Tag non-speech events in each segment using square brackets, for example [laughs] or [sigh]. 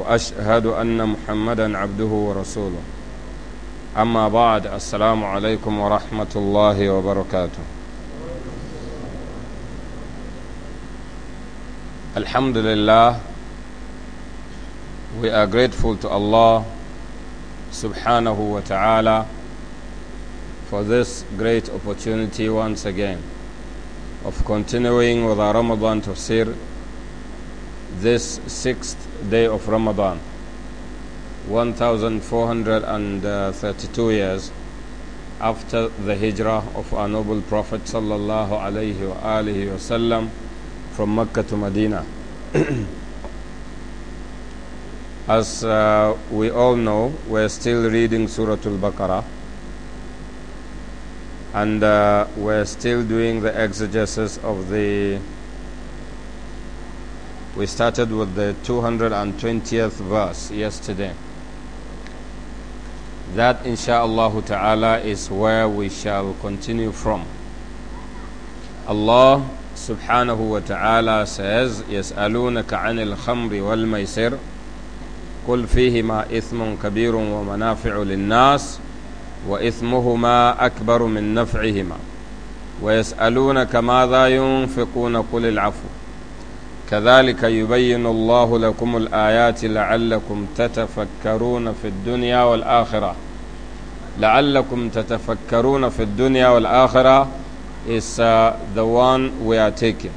واشهد ان محمدا عبده ورسوله اما بعد السلام عليكم ورحمه الله وبركاته alhamdulillah we are grateful to allah سبحانه wa ta'ala for this great opportunity once again of continuing with our ramadan tafsir this sixth day of Ramadan 1432 years after the hijrah of our noble prophet sallallahu alaihi wa alihi wasallam from Mecca to Medina [clears throat] as uh, we all know we're still reading surah al-baqarah and uh, we're still doing the exegesis of the we started with the 220th verse yesterday. That insha'Allah ta'ala is where we shall continue from. Allah subhanahu wa ta'ala says, يَسْأَلُونَكَ عَنِ الْخَمْرِ وَالْمَيْسِرِ قل فيهما إثم كبير ومنافع للناس وإثمهما أكبر من نفعهما ويسألونك ماذا ينفقون قل العفو كذلك يبين الله لكم الآيات لعلكم تتفكرون في الدنيا والآخرة لعلكم تتفكرون في الدنيا والآخرة is the one we are taking.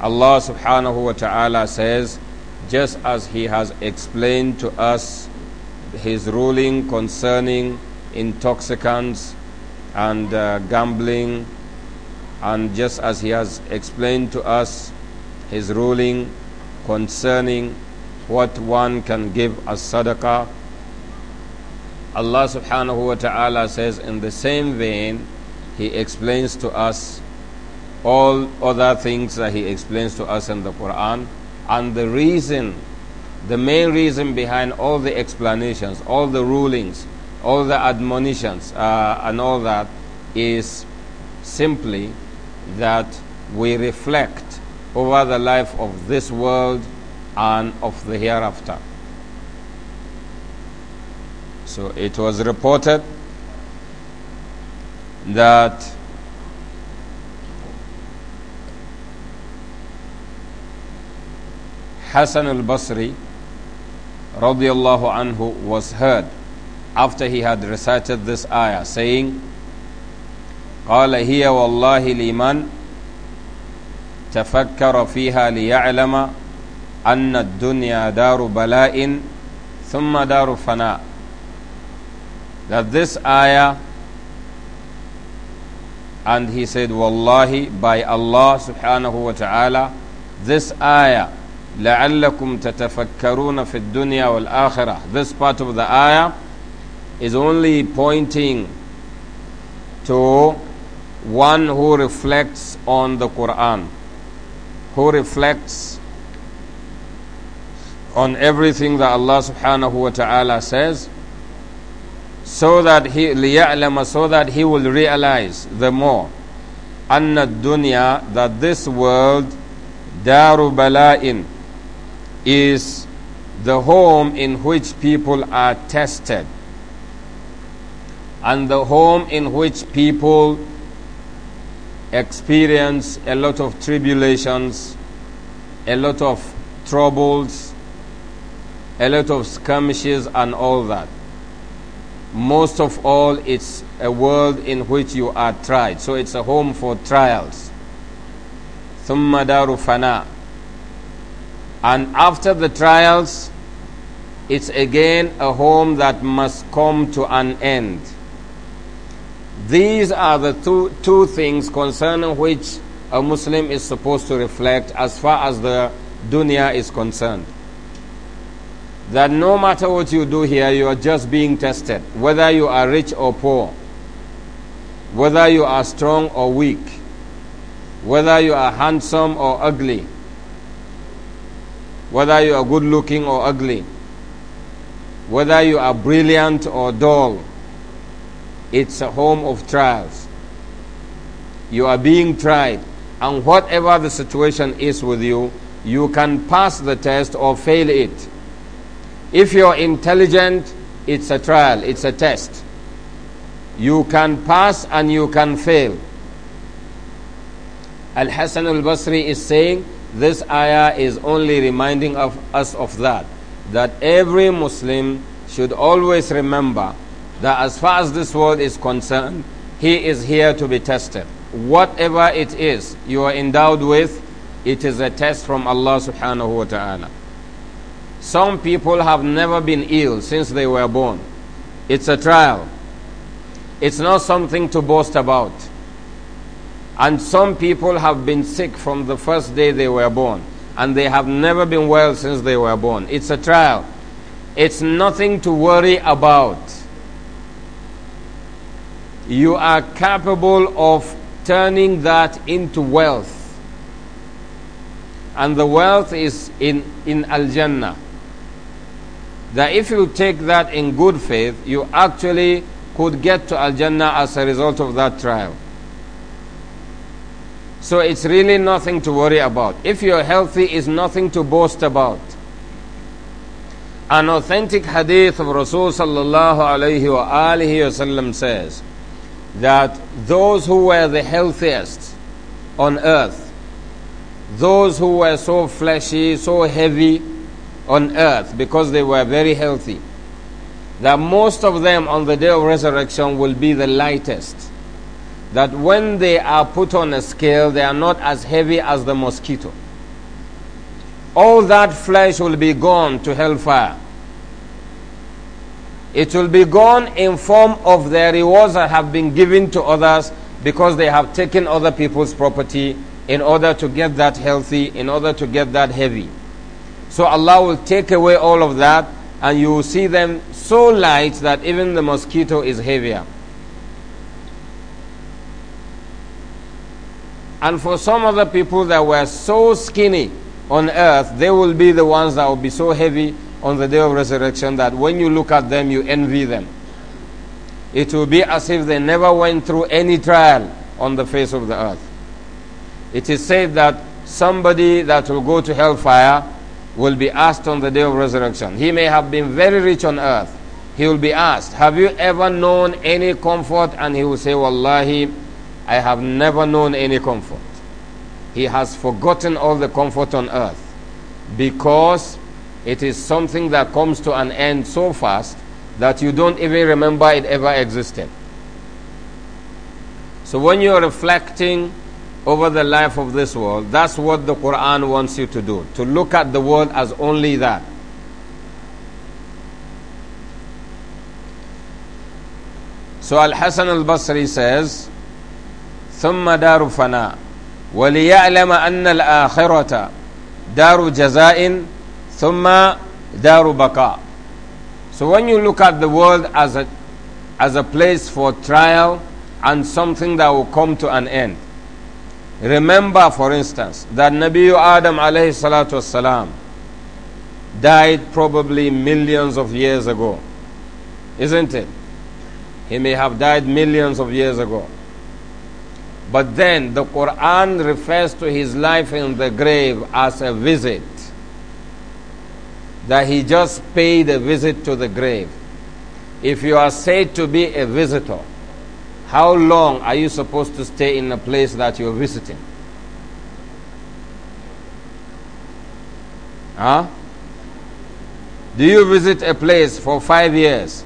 Allah subhanahu wa ta'ala says, just as He has explained to us His ruling concerning intoxicants and uh, gambling, and just as He has explained to us his ruling concerning what one can give as sadaqah. Allah subhanahu wa ta'ala says, in the same vein, He explains to us all other things that He explains to us in the Quran. And the reason, the main reason behind all the explanations, all the rulings, all the admonitions, uh, and all that is simply that we reflect over the life of this world and of the hereafter. So it was reported that Hassan al Basri radiallahu anhu was heard after he had recited this ayah saying قال هي والله لمن تفكر فيها ليعلم أن الدنيا دار بلاء ثم دار فناء that this ayah and he said wallahi by Allah subhanahu wa ta'ala this ayah لعلكم تتفكرون في الدنيا والآخرة this part of the ayah is only pointing to one who reflects on the Quran who reflects on everything that Allah subhanahu wa ta'ala says so that he so that he will realize the more anna dunya that this world daru bala'in is the home in which people are tested and the home in which people experience a lot of tribulations, a lot of troubles, a lot of skirmishes, and all that. Most of all, it's a world in which you are tried. So it's a home for trials. ثم and after the trials, it's again a home that must come to an end. These are the two, two things concerning which a Muslim is supposed to reflect as far as the dunya is concerned. That no matter what you do here, you are just being tested, whether you are rich or poor, whether you are strong or weak, whether you are handsome or ugly, whether you are good looking or ugly, whether you are brilliant or dull it's a home of trials. You are being tried. And whatever the situation is with you, you can pass the test or fail it. If you're intelligent, it's a trial, it's a test. You can pass and you can fail. Al Hassan al Basri is saying this ayah is only reminding of us of that, that every Muslim should always remember that as far as this world is concerned, he is here to be tested. Whatever it is you are endowed with, it is a test from Allah subhanahu wa ta'ala. Some people have never been ill since they were born. It's a trial. It's not something to boast about. And some people have been sick from the first day they were born. And they have never been well since they were born. It's a trial. It's nothing to worry about you are capable of turning that into wealth. And the wealth is in, in Al Jannah. That if you take that in good faith, you actually could get to Al Jannah as a result of that trial. So it's really nothing to worry about. If you're healthy, is nothing to boast about. An authentic hadith of Rasulullah sallallahu alayhi wa alihi wasallam says, that those who were the healthiest on earth, those who were so fleshy, so heavy on earth because they were very healthy, that most of them on the day of resurrection will be the lightest. That when they are put on a scale, they are not as heavy as the mosquito. All that flesh will be gone to hellfire it will be gone in form of their rewards that have been given to others because they have taken other people's property in order to get that healthy, in order to get that heavy. So Allah will take away all of that and you will see them so light that even the mosquito is heavier. And for some other people that were so skinny on earth, they will be the ones that will be so heavy on the day of resurrection that when you look at them, you envy them. It will be as if they never went through any trial on the face of the earth. It is said that somebody that will go to hellfire will be asked on the day of resurrection. He may have been very rich on earth. He will be asked, Have you ever known any comfort? And he will say, Wallahi, I have never known any comfort. He has forgotten all the comfort on earth because it is something that comes to an end so fast that you don't even remember it ever existed. So when you're reflecting over the life of this world, that's what the Quran wants you to do to look at the world as only that. So Al Hasan al Basri says, ثم دار فناء وليعلم أن الآخرة دار جزاء ثم دار بقاء So when you look at the world as a, as a place for trial and something that will come to an end, remember for instance that Nabi Adam alayhi salatu wasalam died probably millions of years ago. Isn't it? He may have died millions of years ago. But then the Quran refers to his life in the grave as a visit that he just paid a visit to the grave. If you are said to be a visitor, how long are you supposed to stay in the place that you're visiting? Huh? Do you visit a place for five years?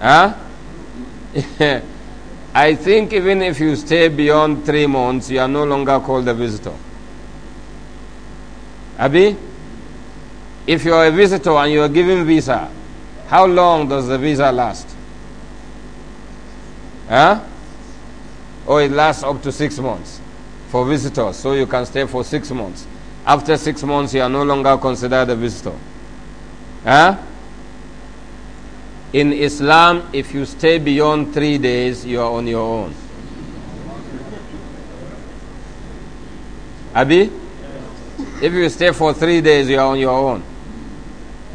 Huh? [laughs] I think even if you stay beyond three months, you are no longer called a visitor. Abby? If you are a visitor and you are given visa, how long does the visa last? Huh? oh, it lasts up to six months for visitors. So you can stay for six months. After six months, you are no longer considered a visitor. Huh? In Islam, if you stay beyond three days, you are on your own. Abi? If you stay for three days, you are on your own.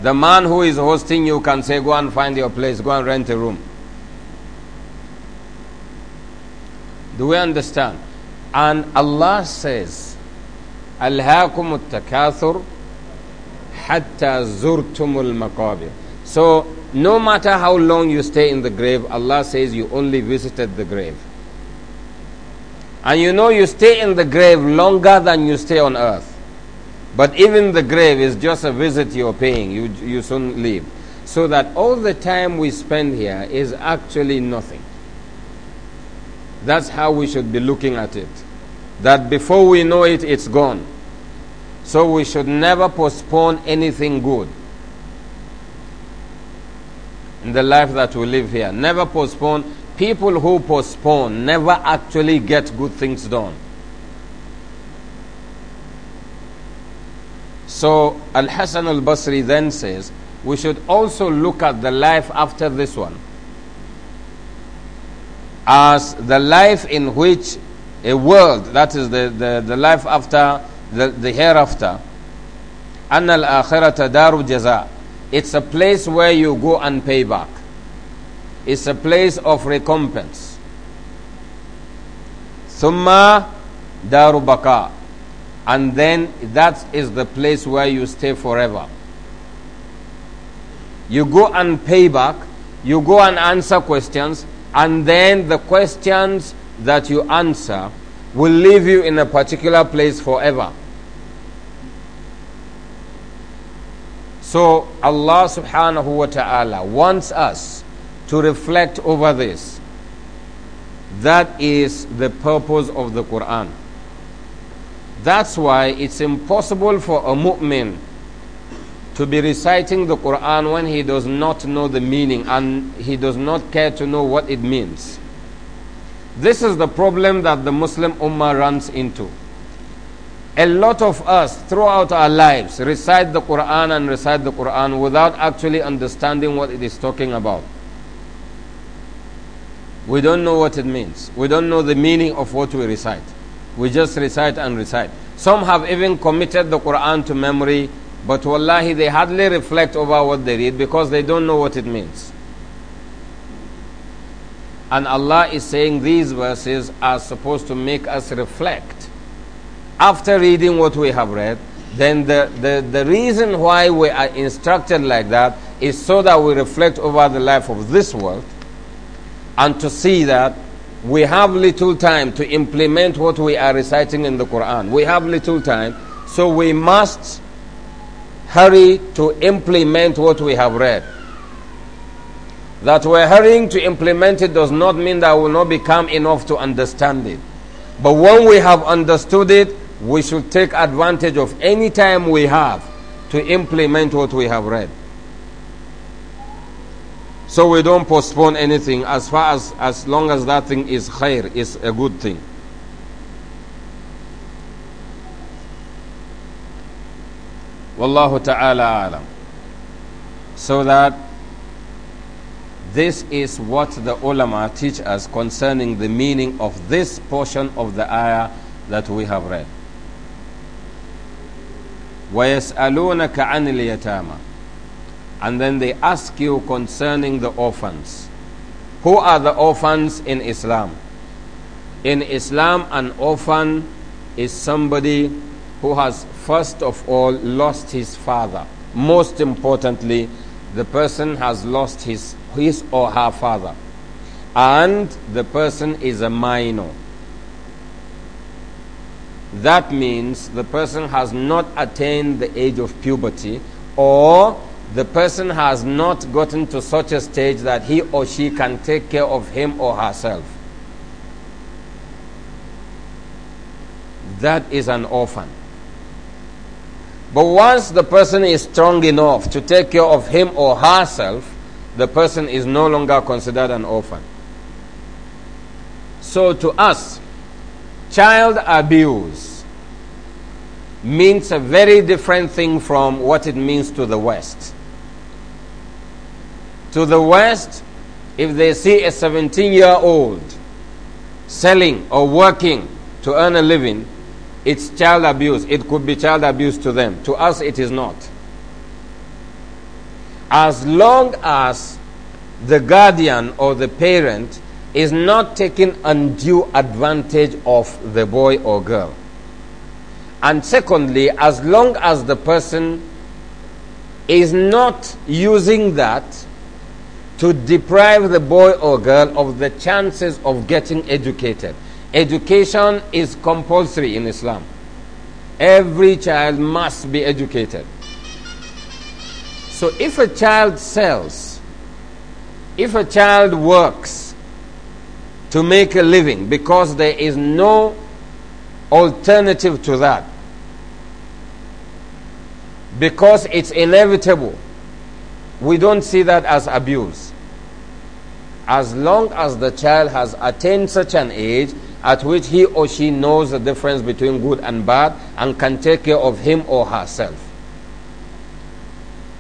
The man who is hosting you can say, Go and find your place, go and rent a room. Do we understand? And Allah says, ألهاكم التكاثر hatta زرتم المقابر. So, no matter how long you stay in the grave, Allah says you only visited the grave. And you know you stay in the grave longer than you stay on earth. But even the grave is just a visit you're paying, you, you soon leave. So that all the time we spend here is actually nothing. That's how we should be looking at it. That before we know it, it's gone. So we should never postpone anything good in the life that we live here. Never postpone. People who postpone never actually get good things done. So Al Hasan al Basri then says, we should also look at the life after this one as the life in which a world, that is the, the, the life after the, the hereafter, Annal الآخرة daru jaza. It's a place where you go and pay back. It's a place of recompense. Summa daru بقاء and then that is the place where you stay forever. You go and pay back, you go and answer questions, and then the questions that you answer will leave you in a particular place forever. So Allah subhanahu wa ta'ala wants us to reflect over this. That is the purpose of the Quran. That's why it's impossible for a mu'min to be reciting the Quran when he does not know the meaning and he does not care to know what it means. This is the problem that the Muslim Ummah runs into. A lot of us throughout our lives recite the Quran and recite the Quran without actually understanding what it is talking about. We don't know what it means. We don't know the meaning of what we recite. We just recite and recite. Some have even committed the Quran to memory, but wallahi, they hardly reflect over what they read because they don't know what it means. And Allah is saying these verses are supposed to make us reflect. After reading what we have read, then the, the, the reason why we are instructed like that is so that we reflect over the life of this world and to see that we have little time to implement what we are reciting in the Quran. We have little time, so we must hurry to implement what we have read. That we're hurrying to implement it does not mean that will not become enough to understand it. But when we have understood it, we should take advantage of any time we have to implement what we have read. So we don't postpone anything as far as, as long as that thing is khair, is a good thing. Wallahu ta'ala alam. So that this is what the ulama teach us concerning the meaning of this portion of the ayah that we have read. وَيَسْأَلُونَكَ عَنِ الْيَتَامَى and then they ask you concerning the orphans. Who are the orphans in Islam? In Islam, an orphan is somebody who has first of all lost his father. Most importantly, the person has lost his, his or her father. And the person is a minor. That means the person has not attained the age of puberty or the person has not gotten to such a stage that he or she can take care of him or herself. That is an orphan. But once the person is strong enough to take care of him or herself, the person is no longer considered an orphan. So to us, child abuse means a very different thing from what it means to the West to the West, if they see a 17 year old selling or working to earn a living, it's child abuse. It could be child abuse to them. To us, it is not. As long as the guardian or the parent is not taking undue advantage of the boy or girl. And secondly, as long as the person is not using that to deprive the boy or girl of the chances of getting educated. Education is compulsory in Islam. Every child must be educated. So if a child sells, if a child works to make a living because there is no alternative to that, because it's inevitable, we don't see that as abuse. As long as the child has attained such an age at which he or she knows the difference between good and bad and can take care of him or herself.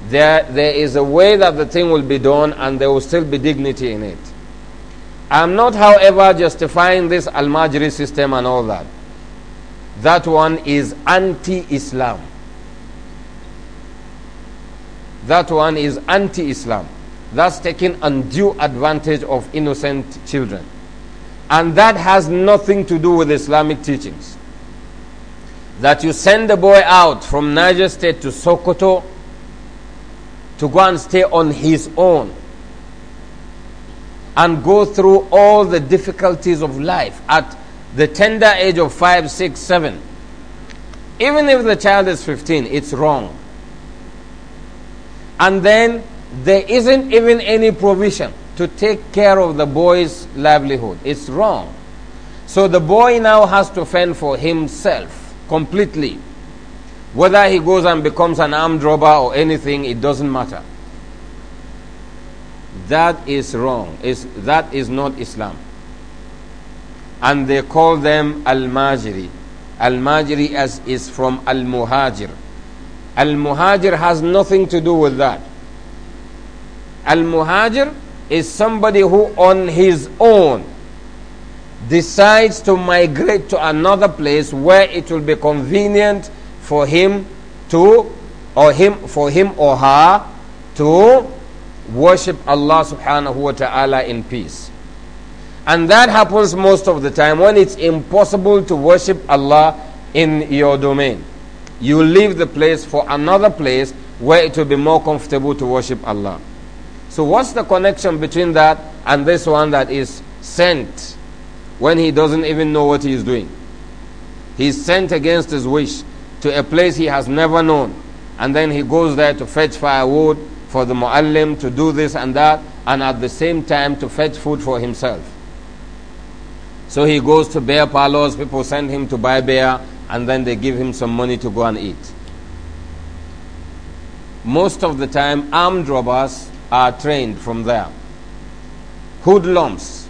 There, there is a way that the thing will be done and there will still be dignity in it. I'm not, however, justifying this Al Majri system and all that. That one is anti Islam that one is anti Islam. That's taking undue advantage of innocent children. And that has nothing to do with Islamic teachings. That you send a boy out from Niger State to Sokoto to go and stay on his own and go through all the difficulties of life at the tender age of 5, 6, 7. Even if the child is 15, it's wrong and then there isn't even any provision to take care of the boy's livelihood. It's wrong. So the boy now has to fend for himself completely. Whether he goes and becomes an armed robber or anything, it doesn't matter. That is wrong. It's, that is not Islam. And they call them Al Majiri. Al Majiri as is from Al Muhajir. Al Muhajir has nothing to do with that. Al Muhajir is somebody who on his own decides to migrate to another place where it will be convenient for him to or him for him or her to worship Allah subhanahu wa ta'ala in peace. And that happens most of the time when it's impossible to worship Allah in your domain you leave the place for another place where it will be more comfortable to worship Allah. So, what's the connection between that and this one that is sent when he doesn't even know what he is doing? He's sent against his wish to a place he has never known, and then he goes there to fetch firewood for the muallim to do this and that, and at the same time to fetch food for himself. So he goes to bear parlors, people send him to buy bear, and then they give him some money to go and eat. Most of the time, armed robbers are trained from there. Hoodlums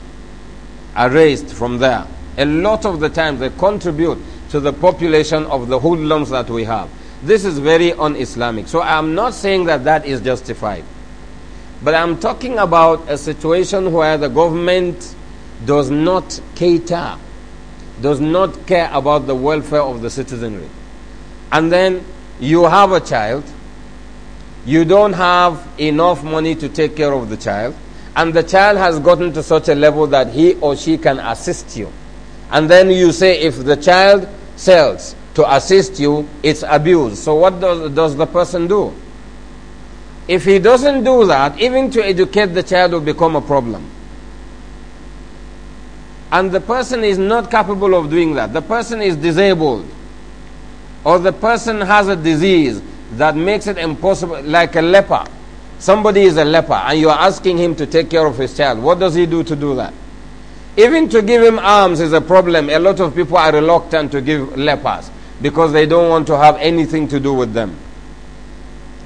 are raised from there. A lot of the time, they contribute to the population of the hoodlums that we have. This is very un Islamic. So I'm not saying that that is justified. But I'm talking about a situation where the government does not cater does not care about the welfare of the citizenry. And then you have a child, you don't have enough money to take care of the child, and the child has gotten to such a level that he or she can assist you. And then you say, if the child sells to assist you, it's abuse. So, what does, does the person do? If he doesn't do that, even to educate the child will become a problem and the person is not capable of doing that, the person is disabled, or the person has a disease that makes it impossible, like a leper. Somebody is a leper, and you are asking him to take care of his child. What does he do to do that? Even to give him alms is a problem. A lot of people are reluctant to give lepers because they don't want to have anything to do with them.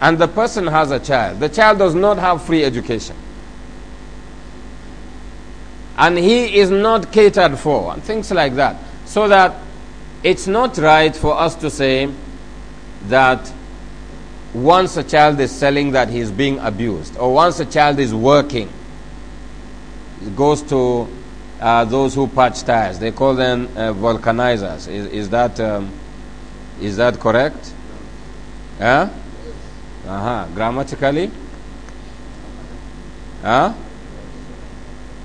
And the person has a child. The child does not have free education and he is not catered for, and things like that. So that it's not right for us to say that once a child is selling that he is being abused, or once a child is working, it goes to uh, those who patch tires. They call them uh, vulcanizers. Is, is that, um, is that correct? Huh? Uh huh. Grammatically? Huh?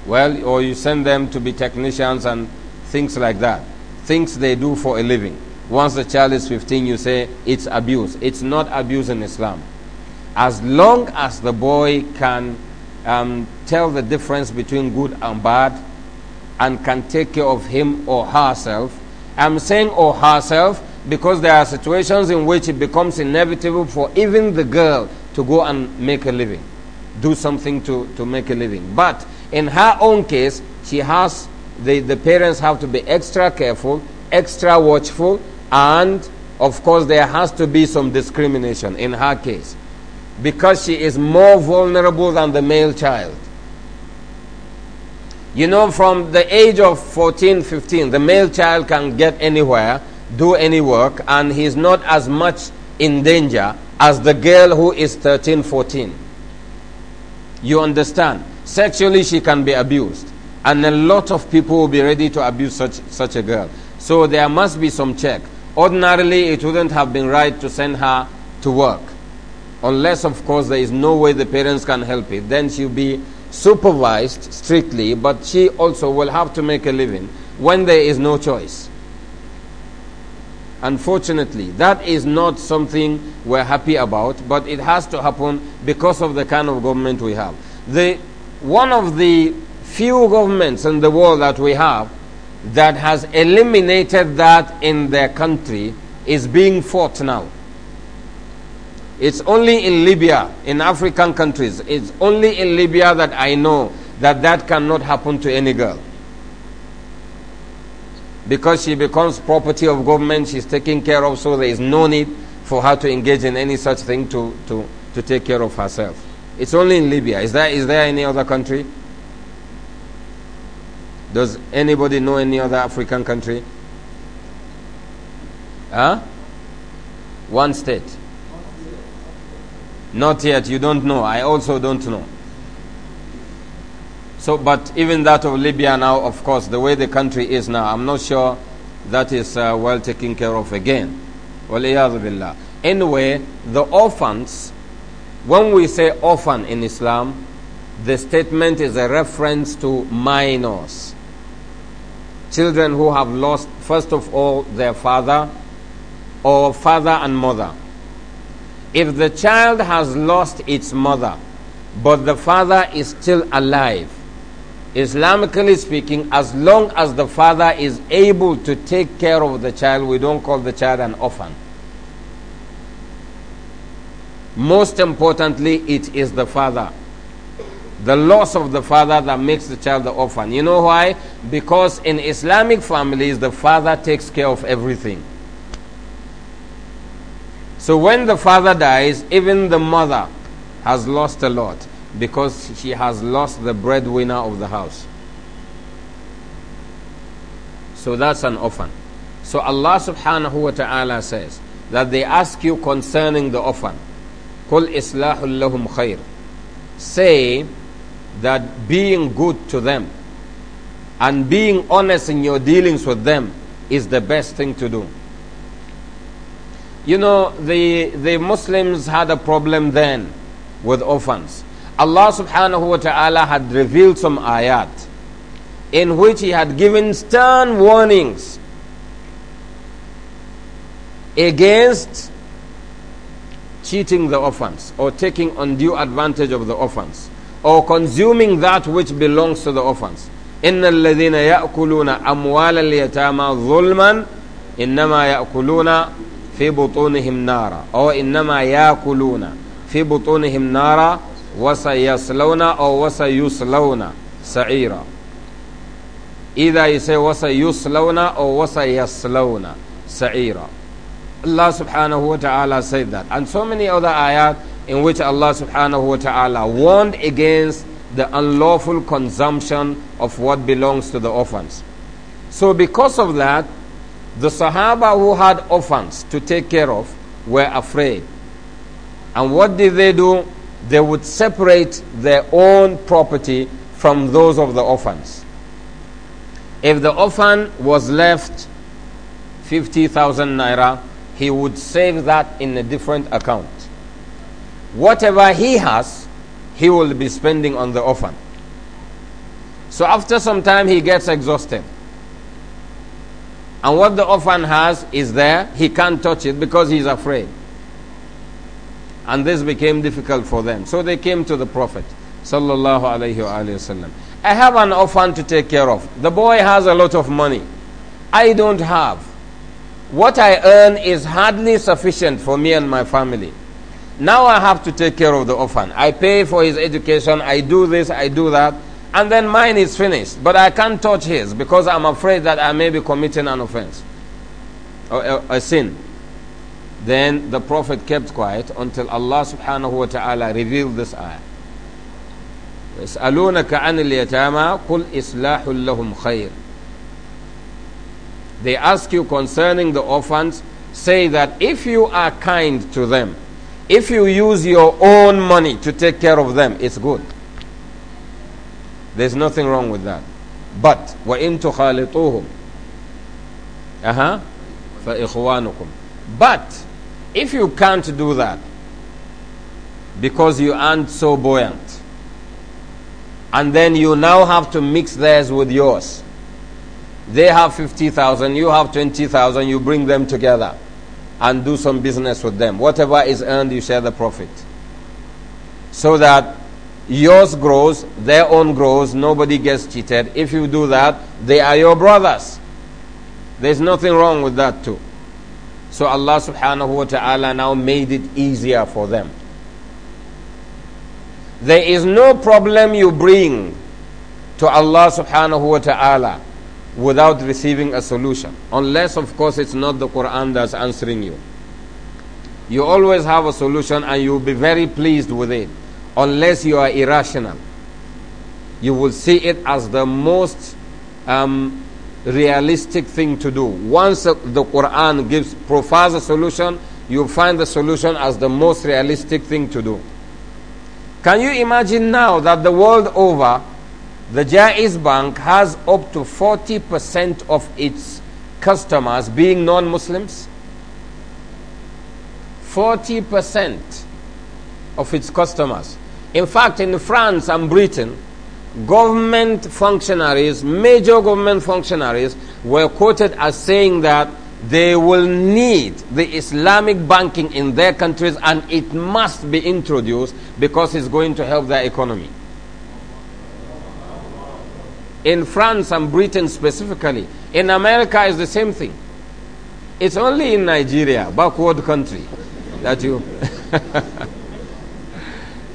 Well, or you send them to be technicians and things like that. Things they do for a living. Once the child is 15, you say it's abuse. It's not abuse in Islam. As long as the boy can um, tell the difference between good and bad and can take care of him or herself, I'm saying or herself because there are situations in which it becomes inevitable for even the girl to go and make a living, do something to, to make a living. But in her own case, she has the, the parents have to be extra careful, extra watchful, and of course, there has to be some discrimination in her case because she is more vulnerable than the male child. You know, from the age of 14, 15, the male child can get anywhere, do any work, and he's not as much in danger as the girl who is 13, 14. You understand? Sexually, she can be abused. And a lot of people will be ready to abuse such, such a girl. So there must be some check. Ordinarily, it wouldn't have been right to send her to work. Unless, of course, there is no way the parents can help it. Then she'll be supervised strictly, but she also will have to make a living when there is no choice. Unfortunately, that is not something we're happy about, but it has to happen because of the kind of government we have. The one of the few governments in the world that we have that has eliminated that in their country is being fought now. It's only in Libya, in African countries, it's only in Libya that I know that that cannot happen to any girl. Because she becomes property of government, she's taken care of, so there is no need for her to engage in any such thing to, to, to take care of herself. It's only in Libya. Is there, is there any other country? Does anybody know any other African country? Huh? One state. Not yet. You don't know. I also don't know. So, but even that of Libya now, of course, the way the country is now, I'm not sure that is uh, well taken care of again. Anyway, the orphans when we say orphan in Islam, the statement is a reference to minors. Children who have lost, first of all, their father or father and mother. If the child has lost its mother, but the father is still alive, Islamically speaking, as long as the father is able to take care of the child, we don't call the child an orphan. Most importantly, it is the father. The loss of the father that makes the child the orphan. You know why? Because in Islamic families, the father takes care of everything. So when the father dies, even the mother has lost a lot because she has lost the breadwinner of the house. So that's an orphan. So Allah subhanahu wa ta'ala says that they ask you concerning the orphan. Kul islahul lahum khair. Say that being good to them and being honest in your dealings with them is the best thing to do. You know, the, the Muslims had a problem then with orphans. Allah subhanahu wa ta'ala had revealed some ayat in which He had given stern warnings against cheating the orphans or taking undue advantage of the orphans or consuming that which belongs to the orphans. إن الذين يأكلون أموال اليتامى ظلما إنما يأكلون في بطونهم نارا أو إنما يأكلون في بطونهم نارا وسيصلون أو وسيصلون سعيرا إِذَا you say وسيصلون أو وسيصلون سعيرا Allah subhanahu wa ta'ala said that. And so many other ayat in which Allah subhanahu wa ta'ala warned against the unlawful consumption of what belongs to the orphans. So, because of that, the Sahaba who had orphans to take care of were afraid. And what did they do? They would separate their own property from those of the orphans. If the orphan was left 50,000 naira, he would save that in a different account. Whatever he has, he will be spending on the orphan. So after some time, he gets exhausted. And what the orphan has is there, he can't touch it because he's afraid. And this became difficult for them. So they came to the Prophet. Sallallahu alayhi wasallam. I have an orphan to take care of. The boy has a lot of money. I don't have. What I earn is hardly sufficient for me and my family. Now I have to take care of the orphan. I pay for his education, I do this, I do that, and then mine is finished. But I can't touch his because I'm afraid that I may be committing an offense or a, a sin. Then the Prophet kept quiet until Allah subhanahu wa ta'ala revealed this ayah. يسألونك عن اليتامى قل إصلاح لهم خير they ask you concerning the orphans, say that if you are kind to them, if you use your own money to take care of them, it's good. There's nothing wrong with that. But وَإِن تُخَالِطُوهُمْ أَهَا فَإِخْوَانُكُمْ But if you can't do that because you aren't so buoyant and then you now have to mix theirs with yours they have 50,000, you have 20,000, you bring them together and do some business with them. Whatever is earned, you share the profit. So that yours grows, their own grows, nobody gets cheated. If you do that, they are your brothers. There's nothing wrong with that, too. So Allah subhanahu wa ta'ala now made it easier for them. There is no problem you bring to Allah subhanahu wa ta'ala without receiving a solution. Unless, of course, it's not the Quran that's answering you. You always have a solution and you'll be very pleased with it. Unless you are irrational. You will see it as the most um, realistic thing to do. Once the Quran gives, profiles a solution, you find the solution as the most realistic thing to do. Can you imagine now that the world over, the Jaiz Bank has up to 40% of its customers being non Muslims. 40% of its customers. In fact, in France and Britain, government functionaries, major government functionaries, were quoted as saying that they will need the Islamic banking in their countries and it must be introduced because it's going to help their economy in France and Britain specifically. In America, it's the same thing. It's only in Nigeria, backward country, that you. [laughs]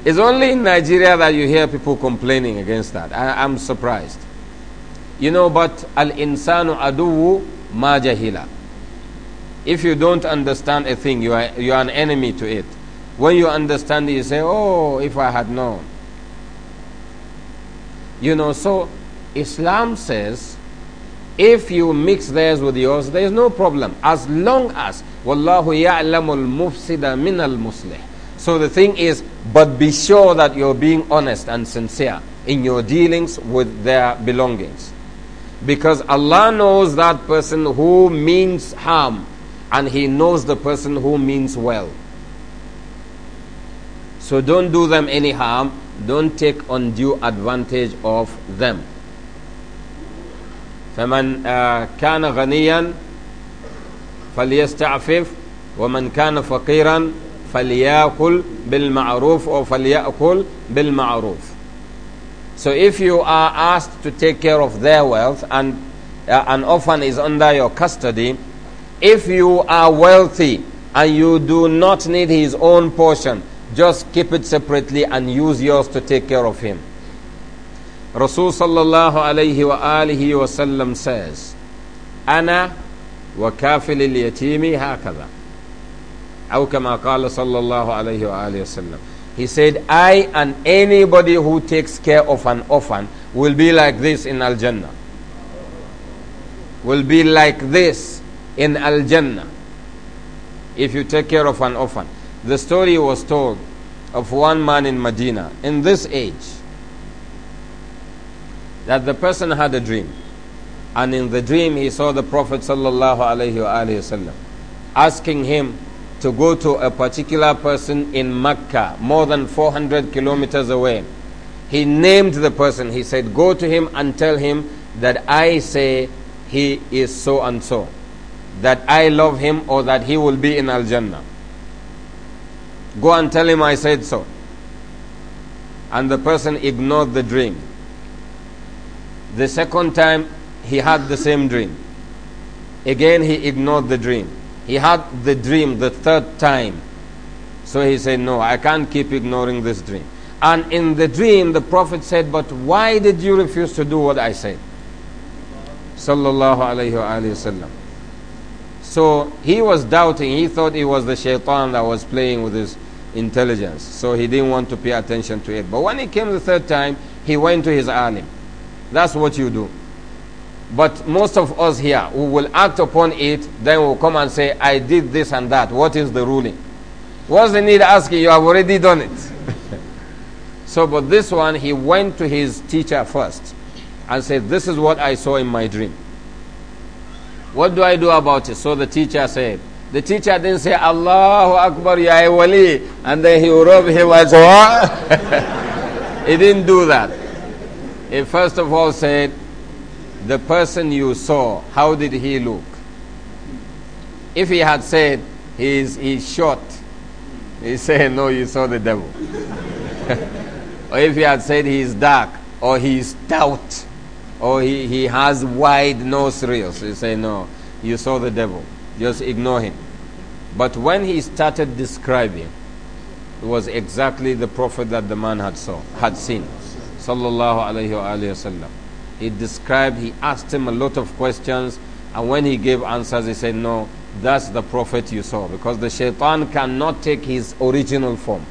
it's only in Nigeria that you hear people complaining against that. I, am surprised. You know, but al insanu aduwu majahila. If you don't understand a thing, you are, you are an enemy to it. When you understand it, you say, Oh, if I had known. You know, so Islam says if you mix theirs with yours, there is no problem. As long as Wallahu ya'lamul mufsida minal muslih. So the thing is, but be sure that you're being honest and sincere in your dealings with their belongings. Because Allah knows that person who means harm and He knows the person who means well. So don't do them any harm, don't take undue advantage of them. فمن كان غنيا فليستعفف ومن كان فقيرا فليأكل بالمعروف or فليأكل بالمعروف so if you are asked to take care of their wealth and uh, an orphan is under your custody if you are wealthy and you do not need his own portion just keep it separately and use yours to take care of him Rasul sallallahu alayhi wa alihi wa sallam says, Ana wa kafil al yatimi hakada. Aw kama qala sallallahu alayhi wa alihi wa sallam. He said, I and anybody who takes care of an orphan will be like this in Al Jannah. Will be like this in Al Jannah. If you take care of an orphan. The story was told of one man in Medina in this age that the person had a dream. And in the dream, he saw the Prophet sallallahu asking him to go to a particular person in Mecca, more than 400 kilometers away. He named the person. He said, Go to him and tell him that I say he is so and so, that I love him or that he will be in Al Jannah. Go and tell him I said so. And the person ignored the dream. The second time, he had the same dream. Again, he ignored the dream. He had the dream the third time. So he said, No, I can't keep ignoring this dream. And in the dream, the Prophet said, But why did you refuse to do what I said? Sallallahu Alaihi wasallam. So he was doubting. He thought it was the shaitan that was playing with his intelligence. So he didn't want to pay attention to it. But when he came the third time, he went to his alim. That's what you do. But most of us here who will act upon it, then will come and say, I did this and that. What is the ruling? What's the need asking? You have already done it. [laughs] so, but this one, he went to his teacher first and said, This is what I saw in my dream. What do I do about it? So the teacher said, The teacher didn't say, Allahu Akbar, Ya Wali, and then he will his eyes. he didn't do that. He first of all said, The person you saw, how did he look? If he had said, He is he's short, he said, No, you saw the devil. [laughs] or if he had said, He is dark, or He is stout, or He, he has wide nostrils, he say, No, you saw the devil. Just ignore him. But when he started describing, it was exactly the prophet that the man had saw, had seen sallallahu alayhi wa, alayhi wa He described, he asked him a lot of questions, and when he gave answers, he said, No, that's the prophet you saw, because the shaitan cannot take his original form.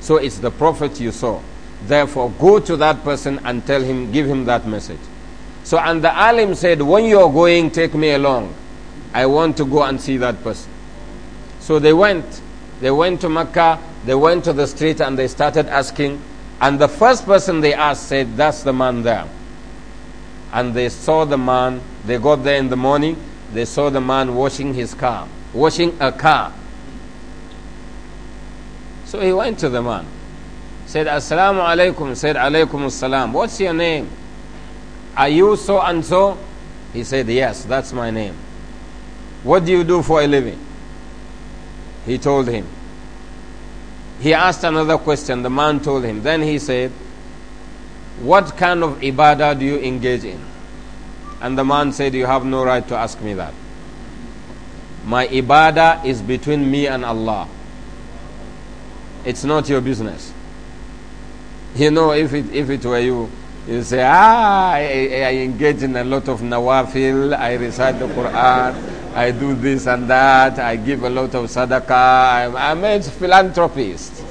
So it's the prophet you saw. Therefore, go to that person and tell him, give him that message. So, and the alim said, When you're going, take me along. I want to go and see that person. So they went. They went to Mecca, they went to the street, and they started asking, and the first person they asked said, That's the man there. And they saw the man, they got there in the morning, they saw the man washing his car, washing a car. So he went to the man, said, Assalamu alaikum, said, Alaikum assalam. What's your name? Are you so and so? He said, Yes, that's my name. What do you do for a living? He told him. He asked another question. The man told him. Then he said, What kind of ibadah do you engage in? And the man said, You have no right to ask me that. My ibadah is between me and Allah. It's not your business. You know, if it, if it were you, you say, Ah, I, I engage in a lot of nawafil, I recite the Quran. I do this and that, I give a lot of sadaqah, I'm, a philanthropist.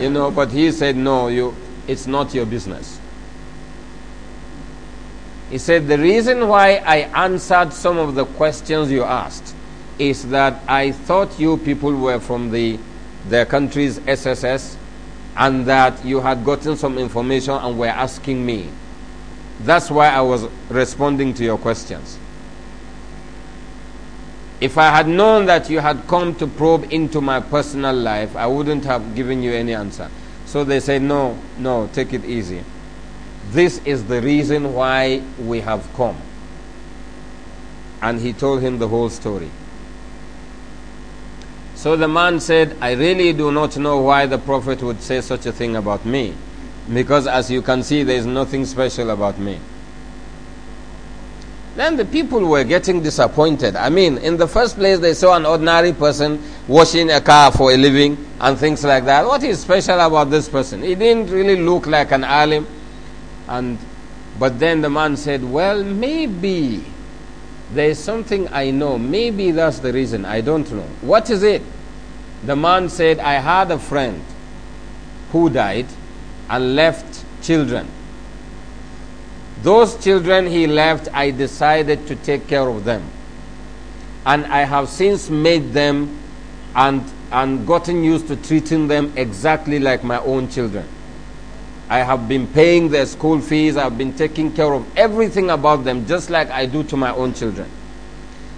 You know, but he said, no, you, it's not your business. He said, the reason why I answered some of the questions you asked is that I thought you people were from the, the country's SSS and that you had gotten some information and were asking me. That's why I was responding to your questions. If I had known that you had come to probe into my personal life, I wouldn't have given you any answer. So they say, No, no, take it easy. This is the reason why we have come. And he told him the whole story. So the man said, I really do not know why the Prophet would say such a thing about me. Because as you can see, there is nothing special about me. Then the people were getting disappointed. I mean, in the first place, they saw an ordinary person washing a car for a living and things like that. What is special about this person? He didn't really look like an alim. And, but then the man said, Well, maybe there is something I know. Maybe that's the reason. I don't know. What is it? The man said, I had a friend who died and left children. Those children he left, I decided to take care of them. And I have since made them and, and gotten used to treating them exactly like my own children. I have been paying their school fees, I've been taking care of everything about them, just like I do to my own children.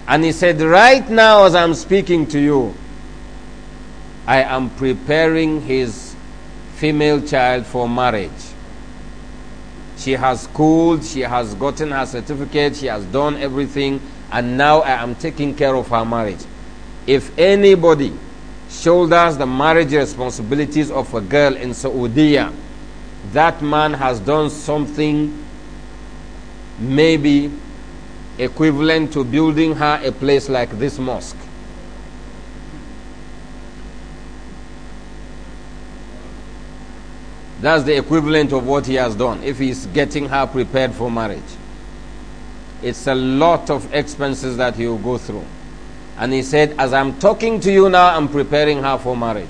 And he said, Right now, as I'm speaking to you, I am preparing his female child for marriage. She has schooled, she has gotten her certificate, she has done everything, and now I am taking care of her marriage. If anybody shoulders the marriage responsibilities of a girl in Saudi, that man has done something maybe equivalent to building her a place like this mosque That's the equivalent of what he has done if he's getting her prepared for marriage. It's a lot of expenses that he will go through. And he said, As I'm talking to you now, I'm preparing her for marriage.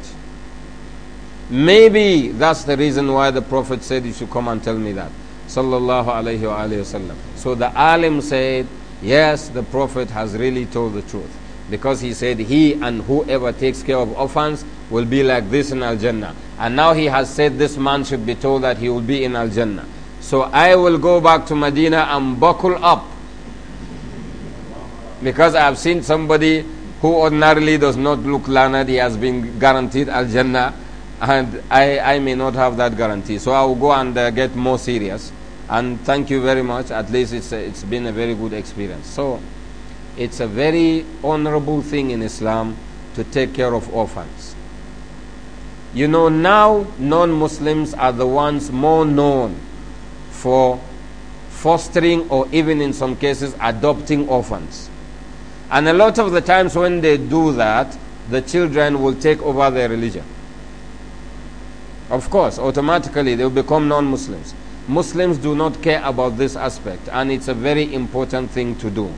Maybe that's the reason why the Prophet said, You should come and tell me that. Sallallahu alayhi wa So the alim said, Yes, the Prophet has really told the truth because he said he and whoever takes care of orphans will be like this in Al Jannah. And now he has said this man should be told that he will be in Al Jannah. So I will go back to Medina and buckle up because I have seen somebody who ordinarily does not look learned, he has been guaranteed Al Jannah, and I, I may not have that guarantee. So I will go and uh, get more serious. And thank you very much. At least it's, uh, it's been a very good experience. So. It's a very honorable thing in Islam to take care of orphans. You know, now non Muslims are the ones more known for fostering or even in some cases adopting orphans. And a lot of the times when they do that, the children will take over their religion. Of course, automatically they will become non Muslims. Muslims do not care about this aspect, and it's a very important thing to do.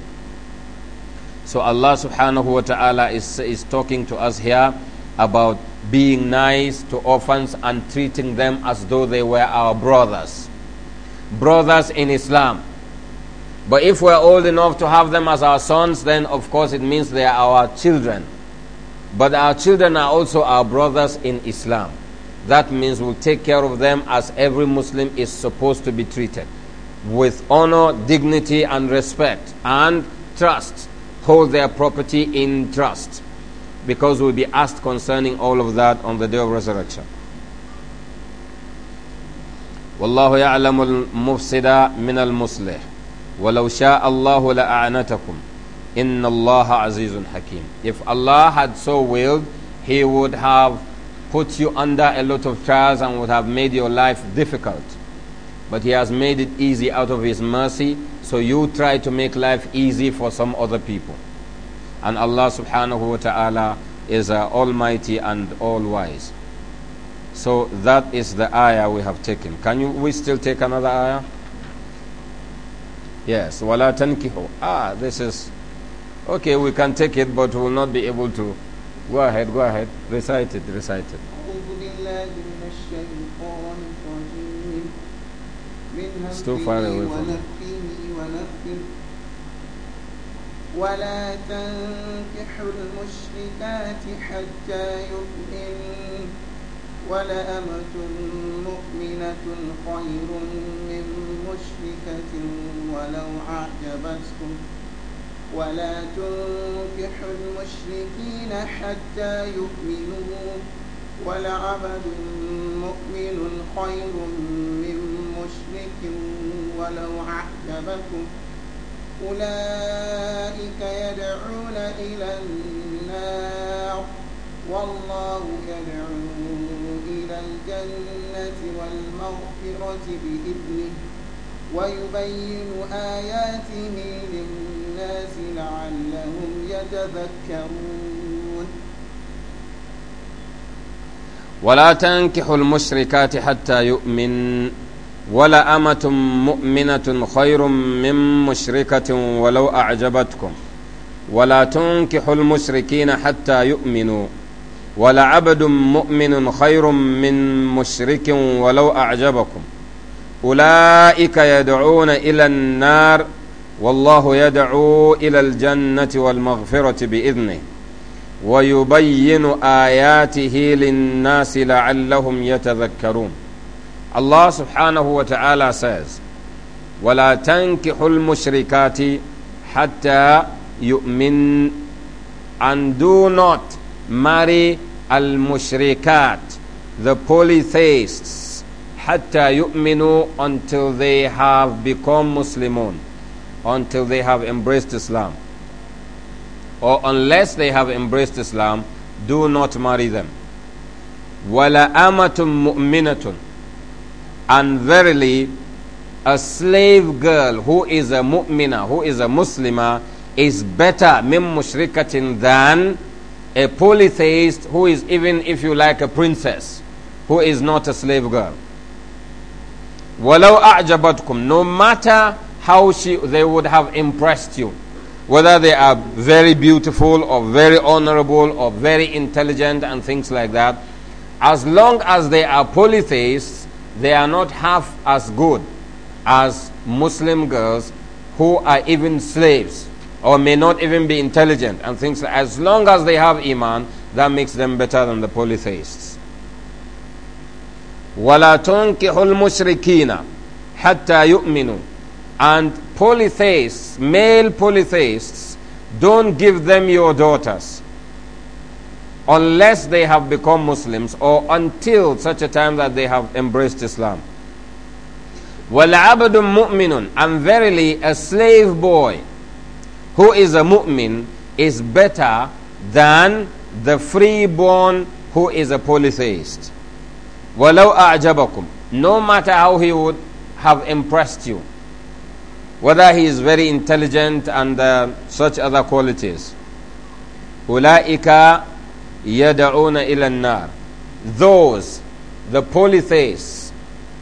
So Allah subhanahu wa ta'ala is, is talking to us here about being nice to orphans and treating them as though they were our brothers. Brothers in Islam. But if we're old enough to have them as our sons, then of course it means they are our children. But our children are also our brothers in Islam. That means we'll take care of them as every Muslim is supposed to be treated with honor, dignity, and respect and trust hold their property in trust because we'll be asked concerning all of that on the day of resurrection. والله يعلم المفسد من المصلح ولو شاء الله لأعنتكم إن الله عزيز حكيم If Allah had so willed, He would have put you under a lot of trials and would have made your life difficult. But He has made it easy out of His mercy so you try to make life easy for some other people. And Allah subhanahu wa ta'ala is uh, almighty and all wise. So that is the ayah we have taken. Can you we still take another ayah? Yes, wala tankihu. Ah, this is okay, we can take it but we will not be able to go ahead, go ahead. Recite it, recite it. It's too far away from me. ونفر ولا تنكح المشركات حتى يؤمن ولأمة مؤمنة خير من مشركة ولو أعجبتكم ولا تنكح المشركين حتى يؤمنوا ولعبد مؤمن خير من مشرك ولو أعجبكم أولئك يدعون إلى النار والله يدعو إلى الجنة والمغفرة بإذنه ويبين آياته للناس لعلهم يتذكرون ولا تنكحوا المشركات حتى يؤمن ولأمة مؤمنة خير من مشركة ولو أعجبتكم ولا تنكحوا المشركين حتى يؤمنوا ولعبد مؤمن خير من مشرك ولو أعجبكم أولئك يدعون إلى النار والله يدعو إلى الجنة والمغفرة بإذنه ويبين آياته للناس لعلهم يتذكرون الله سبحانه وتعالى says ولا تنكحوا المشركات حتى يؤمن and do not marry al-mushrikat the polytheists حتى يؤمنوا until they have become Muslimun until they have embraced Islam or unless they have embraced Islam, do not marry them. وَلَأَمَةٌ مُؤْمِنَةٌ And verily, a slave girl who is a mu'mina, who is a Muslimah, is better min mushrikatin than a polytheist who is even, if you like, a princess, who is not a slave girl. وَلَوْ kum. No matter how she, they would have impressed you whether they are very beautiful or very honorable or very intelligent and things like that, as long as they are polytheists, they are not half as good as Muslim girls who are even slaves or may not even be intelligent and things like, as long as they have iman that makes them better than the polytheists ولا تنكحوا المشركين hatta يؤمنوا and polytheists, male polytheists, don't give them your daughters unless they have become Muslims or until such a time that they have embraced Islam. وَلَعَبْدٌ مُؤْمِنٌ And verily a slave boy who is a mu'min is better than the freeborn who is a polytheist. وَلَوْ أَعْجَبَكُمْ No matter how he would have impressed you whether he is very intelligent and uh, such other qualities. Ulaika yada'una ila Those, the polytheists,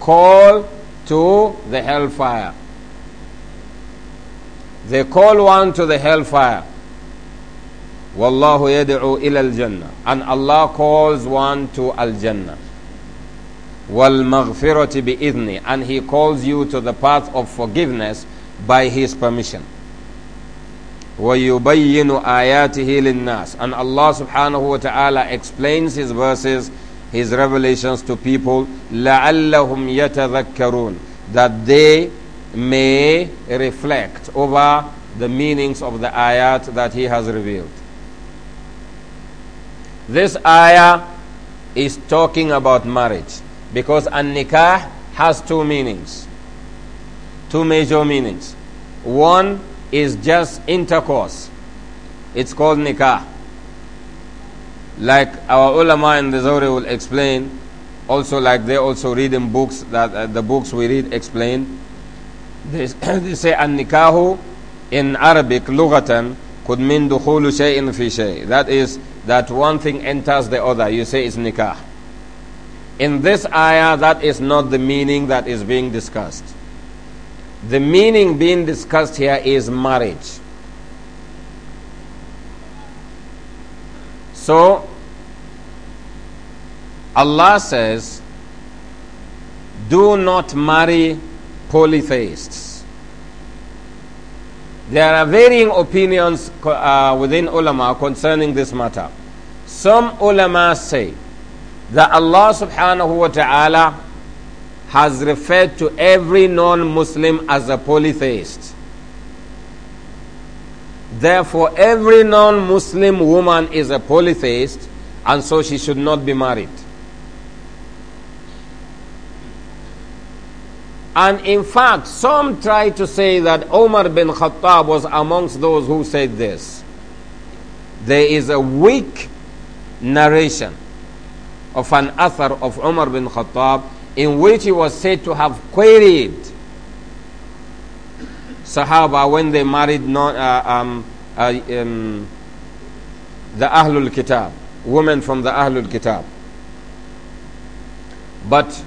call to the hellfire. They call one to the hellfire. Wallahu yad'u ila al-jannah. And Allah calls one to al-jannah. Wal maghfirati bi idni. And He calls you to the path of forgiveness by His permission. وَيُبَيِّنُ آيَاتِهِ لِلنَّاسِ And Allah subhanahu wa ta'ala explains His verses, His revelations to people لَعَلَّهُمْ يَتَذَكَّرُونَ That they may reflect over the meanings of the ayat that He has revealed. This ayah is talking about marriage because an nikah has two meanings two major meanings. One is just intercourse. It's called nikah. Like our ulama in the Zawri will explain, also like they also read in books that uh, the books we read explain. They, [coughs] they say an nikahu in Arabic lugatan could mean dukhulu shay'in fi shay. That is that one thing enters the other. You say it's nikah. In this ayah, that is not the meaning that is being discussed. The meaning being discussed here is marriage. So, Allah says, Do not marry polytheists. There are varying opinions uh, within ulama concerning this matter. Some ulama say that Allah subhanahu wa ta'ala has referred to every non Muslim as a polytheist. Therefore, every non Muslim woman is a polytheist, and so she should not be married. And in fact, some try to say that Omar bin Khattab was amongst those who said this. There is a weak narration of an author of Omar bin Khattab in which he was said to have queried Sahaba when they married non, uh, um, uh, um, the Ahlul Kitab, women from the Ahlul Kitab. But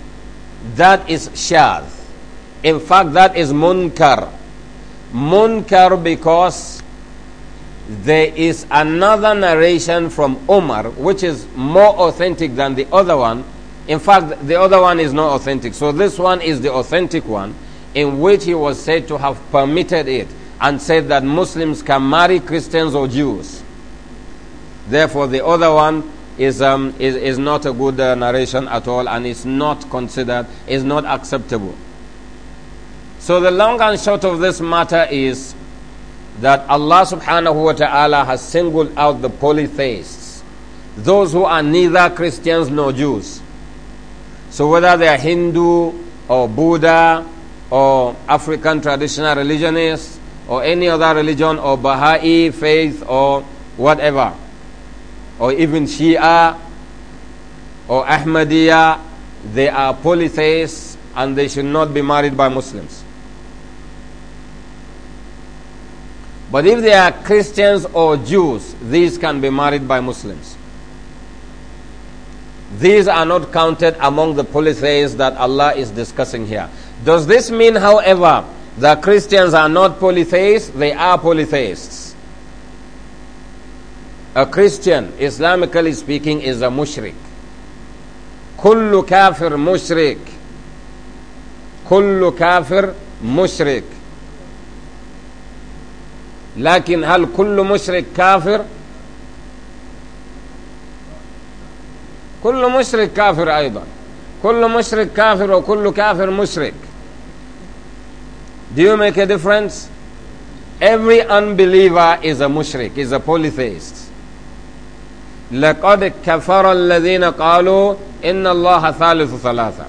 that is shadh. In fact, that is munkar. Munkar because there is another narration from Omar, which is more authentic than the other one, in fact, the other one is not authentic. So this one is the authentic one in which he was said to have permitted it and said that Muslims can marry Christians or Jews. Therefore, the other one is, um, is, is not a good uh, narration at all and is not considered, is not acceptable. So, the long and short of this matter is that Allah subhanahu wa ta'ala has singled out the polytheists, those who are neither Christians nor Jews. So whether they are Hindu or Buddha or African traditional religionists or any other religion or Baha'i faith or whatever, or even Shia or Ahmadiyya, they are polytheists and they should not be married by Muslims. But if they are Christians or Jews, these can be married by Muslims. These are not counted among the polytheists that Allah is discussing here. Does this mean, however, that Christians are not polytheists? They are polytheists. A Christian, Islamically speaking, is a mushrik. كل كافر مشرك كل كافر مشرك لكن هل كل مشرك كافر؟ كل مشرك كافر أيضا كل مشرك كافر وكل كافر مشرك Do you make a difference? Every unbeliever is a mushrik, is a polytheist. لقد كفر الذين قالوا إن الله ثالث ثلاثة.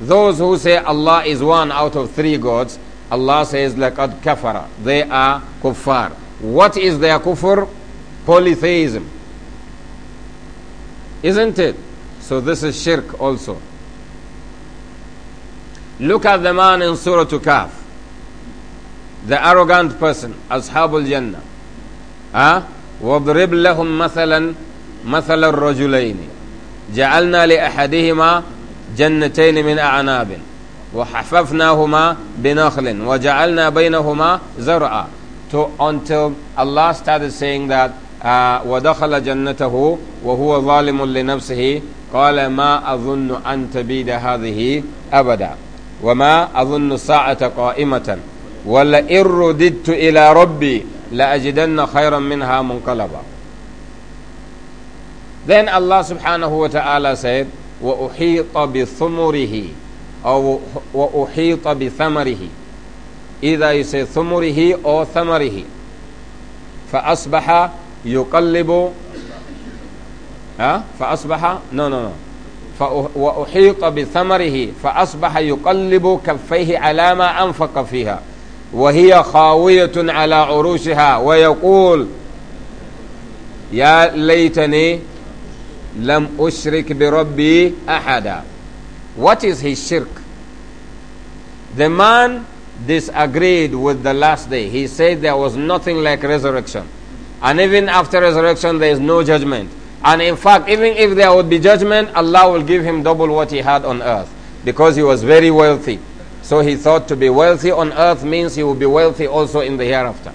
Those who say Allah is one out of three gods, Allah says لقد كفر. They are kuffar. What is their kufr? Polytheism. Isn't it? So this is shirk also. Look at the man in Surah Kaf, The arrogant person, Ashabul Jannah. Huh? واضرب لهم مثلا مثل الرجلين جعلنا لأحدهما جنتين من أعناب وحففناهما بنخل وجعلنا بينهما زرعا to until Allah started saying that آه، ودخل جنته وهو ظالم لنفسه قال ما أظن أن تبيد هذه أبدا وما أظن الساعة قائمة ولئن رددت إلى ربي لأجدن خيرا منها منقلبا Then Allah subhanahu wa ta'ala said, وَأُحِيطَ بِثُمُرِهِ أو وَأُحِيطَ بِثَمَرِهِ Either you say ثُمُرِهِ or ثَمَرِهِ فَأَصْبَحَ يقلب ها فأصبح نو نو نو وأحيط بثمره فأصبح يقلب كفيه على ما أنفق فيها وهي خاوية على عروشها ويقول يا ليتني لم أشرك بربي أحدا What is his shirk? The man disagreed with the last day. He said there was nothing like resurrection. And even after resurrection, there is no judgment. And in fact, even if there would be judgment, Allah will give him double what he had on earth because he was very wealthy. So he thought to be wealthy on earth means he will be wealthy also in the hereafter.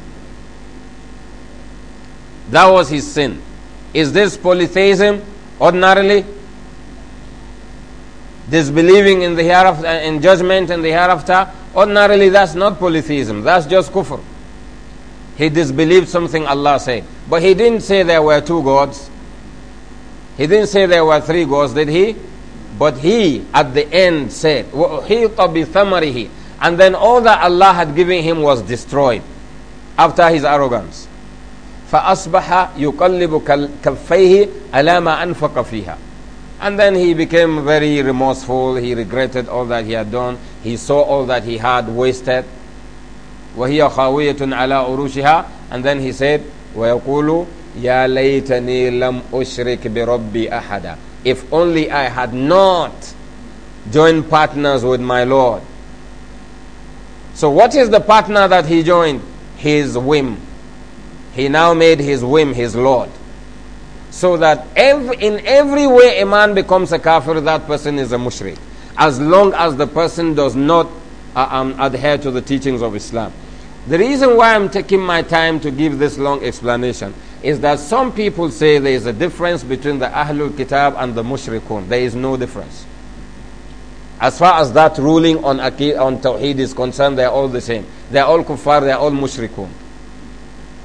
That was his sin. Is this polytheism ordinarily? Disbelieving in the hereafter, in judgment in the hereafter? Ordinarily, that's not polytheism, that's just kufr. He disbelieved something Allah said. But he didn't say there were two gods. He didn't say there were three gods, did he? But he, at the end, said, وَأُحِيطَ بِثَمَرِهِ And then all that Allah had given him was destroyed after his arrogance. فأصبح يقلب كفيه على ما أنفق فيها and then he became very remorseful. He regretted all that he had done. He saw all that he had wasted. وهي خاوية على أروشها. and then he said ويقول يا ليتني لم أشرك بربي أحدا if only I had not joined partners with my Lord so what is the partner that he joined his whim he now made his whim his Lord so that every, in every way a man becomes a kafir that person is a mushrik as long as the person does not uh, um, adhere to the teachings of Islam the reason why I'm taking my time to give this long explanation is that some people say there is a difference between the Ahlul Kitab and the Mushrikun. There is no difference. As far as that ruling on, Aqid, on Tawheed is concerned, they are all the same. They are all kuffar, they are all mushrikun.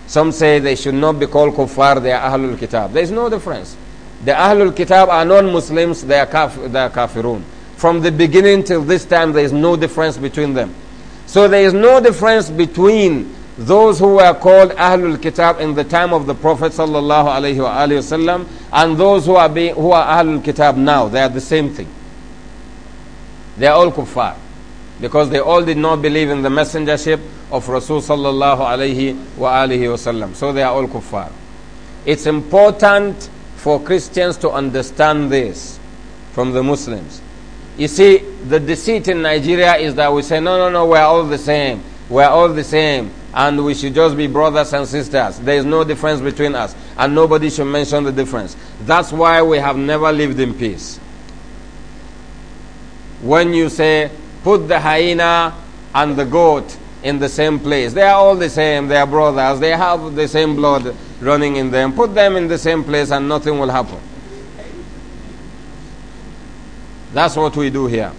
Some say they should not be called kuffar, they are Ahlul Kitab. There is no difference. The Ahlul Kitab are non Muslims, they, are kaf- they are kafirun. From the beginning till this time, there is no difference between them. So there is no difference between those who were called Ahlul Kitab in the time of the Prophet sallallahu alaihi wasallam and those who are, being, who are Ahlul Kitab now. They are the same thing. They are all kuffar because they all did not believe in the messengership of Rasul sallallahu alaihi wa wasallam. So they are all kuffar. It's important for Christians to understand this from the Muslims you see, the deceit in Nigeria is that we say, no, no, no, we're all the same. We're all the same. And we should just be brothers and sisters. There is no difference between us. And nobody should mention the difference. That's why we have never lived in peace. When you say, put the hyena and the goat in the same place, they are all the same. They are brothers. They have the same blood running in them. Put them in the same place and nothing will happen. That's what we do here.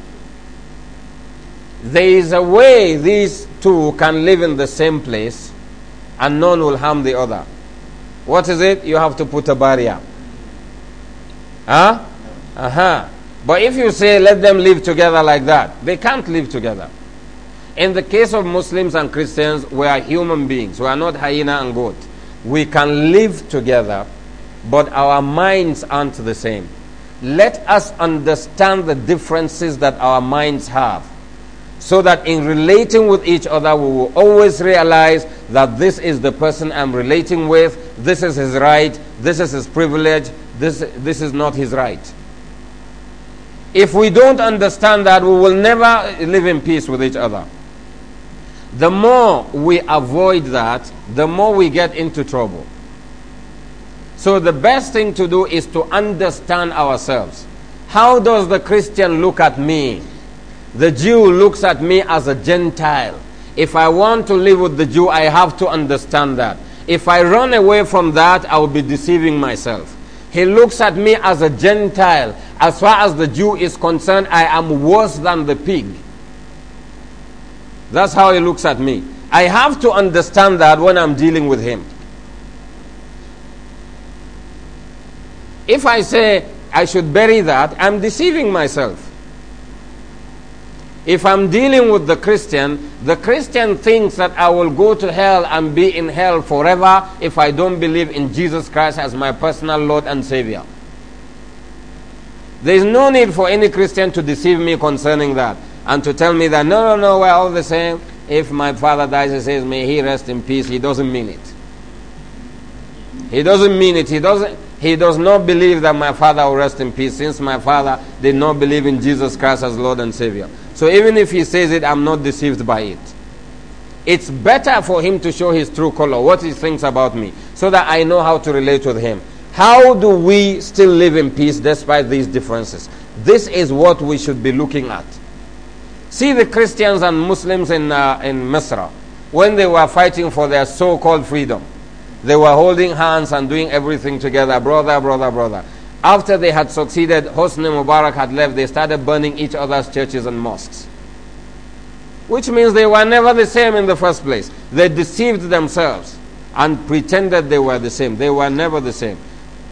There is a way these two can live in the same place and none will harm the other. What is it? You have to put a barrier. Huh? Uh huh. But if you say let them live together like that, they can't live together. In the case of Muslims and Christians, we are human beings. We are not hyena and goat. We can live together, but our minds aren't the same let us understand the differences that our minds have so that in relating with each other we will always realize that this is the person I'm relating with, this is his right, this is his privilege, this, this is not his right. If we don't understand that, we will never live in peace with each other. The more we avoid that, the more we get into trouble. So the best thing to do is to understand ourselves. How does the Christian look at me? The Jew looks at me as a Gentile. If I want to live with the Jew, I have to understand that. If I run away from that, I will be deceiving myself. He looks at me as a Gentile. As far as the Jew is concerned, I am worse than the pig. That's how he looks at me. I have to understand that when I'm dealing with him. If I say I should bury that, I'm deceiving myself. If I'm dealing with the Christian, the Christian thinks that I will go to hell and be in hell forever if I don't believe in Jesus Christ as my personal Lord and Savior. There is no need for any Christian to deceive me concerning that and to tell me that, no, no, no, we're all the same. If my father dies and says, may he rest in peace, he doesn't mean it. He doesn't mean it. He doesn't. He does not believe that my father will rest in peace since my father did not believe in Jesus Christ as Lord and Savior. So even if he says it, I'm not deceived by it. It's better for him to show his true color, what he thinks about me, so that I know how to relate with him. How do we still live in peace despite these differences? This is what we should be looking at. See the Christians and Muslims in, uh, in Misra when they were fighting for their so called freedom. They were holding hands and doing everything together, brother, brother, brother. After they had succeeded, Hosni Mubarak had left, they started burning each other's churches and mosques. Which means they were never the same in the first place. They deceived themselves and pretended they were the same. They were never the same.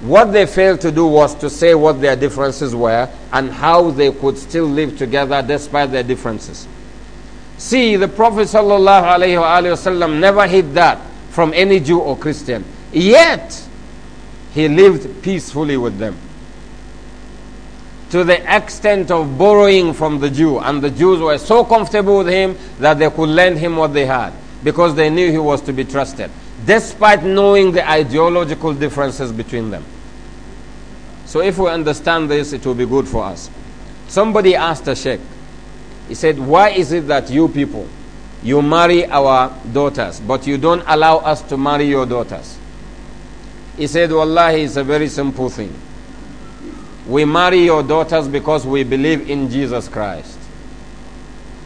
What they failed to do was to say what their differences were and how they could still live together despite their differences. See, the Prophet ﷺ never hid that from any Jew or Christian. Yet, he lived peacefully with them to the extent of borrowing from the Jew. And the Jews were so comfortable with him that they could lend him what they had because they knew he was to be trusted, despite knowing the ideological differences between them. So, if we understand this, it will be good for us. Somebody asked a sheikh, he said, Why is it that you people, you marry our daughters, but you don't allow us to marry your daughters. He said, Wallahi, it's a very simple thing. We marry your daughters because we believe in Jesus Christ.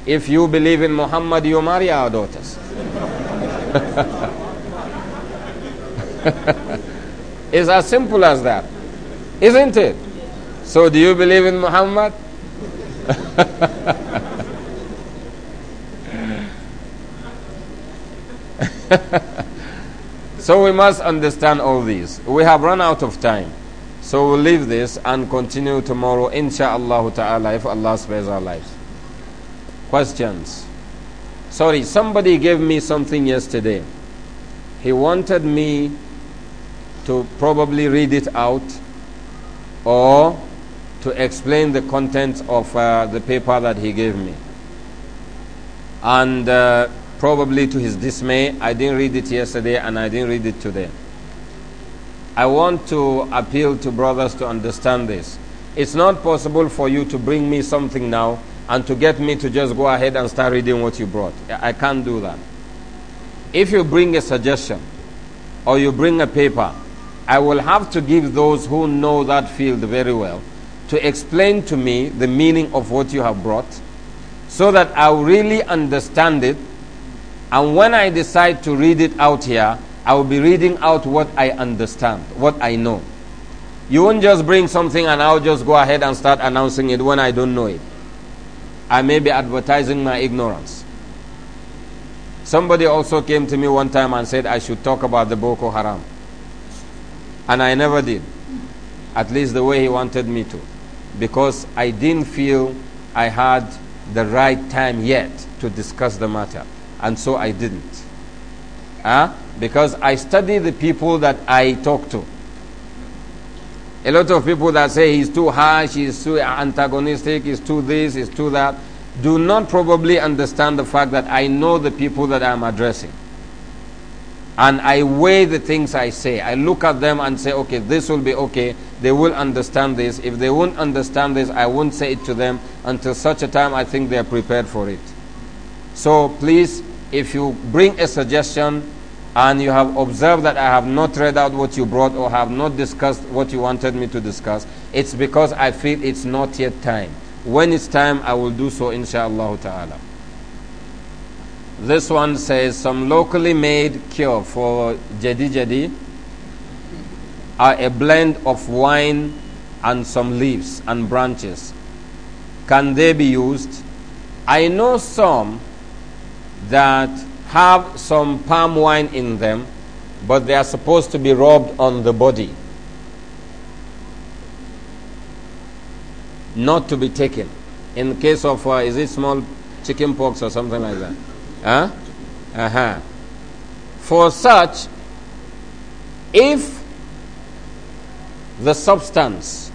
If you believe in Muhammad, you marry our daughters. [laughs] it's as simple as that, isn't it? So, do you believe in Muhammad? [laughs] [laughs] so we must understand all these. We have run out of time. So we'll leave this and continue tomorrow, insha'Allah ta'ala, if Allah spares our lives. Questions? Sorry, somebody gave me something yesterday. He wanted me to probably read it out or to explain the contents of uh, the paper that he gave me. And uh, probably to his dismay, I didn't read it yesterday and I didn't read it today. I want to appeal to brothers to understand this. It's not possible for you to bring me something now and to get me to just go ahead and start reading what you brought. I can't do that. If you bring a suggestion or you bring a paper, I will have to give those who know that field very well to explain to me the meaning of what you have brought so that I really understand it and when I decide to read it out here, I will be reading out what I understand, what I know. You won't just bring something and I'll just go ahead and start announcing it when I don't know it. I may be advertising my ignorance. Somebody also came to me one time and said I should talk about the Boko Haram. And I never did, at least the way he wanted me to, because I didn't feel I had the right time yet to discuss the matter and so I didn't. Huh? Because I study the people that I talk to. A lot of people that say he's too harsh, he's too antagonistic, he's too this, he's too that, do not probably understand the fact that I know the people that I'm addressing. And I weigh the things I say. I look at them and say, okay, this will be okay. They will understand this. If they won't understand this, I won't say it to them until such a time I think they are prepared for it. So please if you bring a suggestion and you have observed that I have not read out what you brought or have not discussed what you wanted me to discuss, it's because I feel it's not yet time. When it's time, I will do so, inshallah ta'ala. This one says some locally made cure for jadi jadi are a blend of wine and some leaves and branches. Can they be used? I know some that have some palm wine in them, but they are supposed to be rubbed on the body, not to be taken. In case of, uh, is it small chicken pox or something like that? Huh? Uh huh. For such, if the substance